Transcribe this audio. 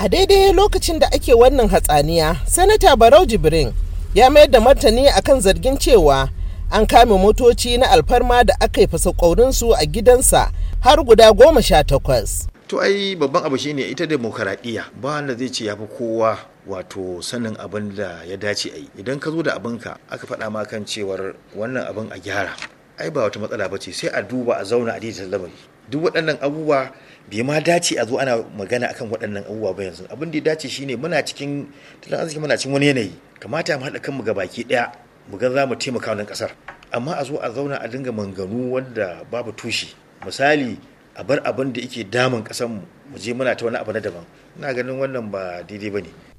a daidai lokacin da ake wannan hatsaniya sanata barau jibrin ya mayar da martani akan zargin cewa an kame motoci na alfarma da aka yi su a gidansa har guda goma sha takwas to ai babban abu shine ita demokaradiyya ba wanda zai ce ya fi kowa wato sanin abin da ya dace a yi idan ka zo da abinka aka faɗa ma kan cewar wannan abin a gyara ai ba wata matsala ba ce sai a duba a zauna a lamari duk waɗannan abubuwa bai ma dace a zo ana magana akan waɗannan abubuwa ba yanzu abin da ya dace shine muna cikin tattalin arziki muna cikin wani yanayi kamata mu haɗa kanmu ga baki ɗaya mu ga za mu taimaka wannan ƙasar amma a zo a zauna a dinga manganu wanda babu tushe misali a bar abin da yake damun ƙasar mu je muna ta wani abu na daban ina ganin wannan ba daidai ba ne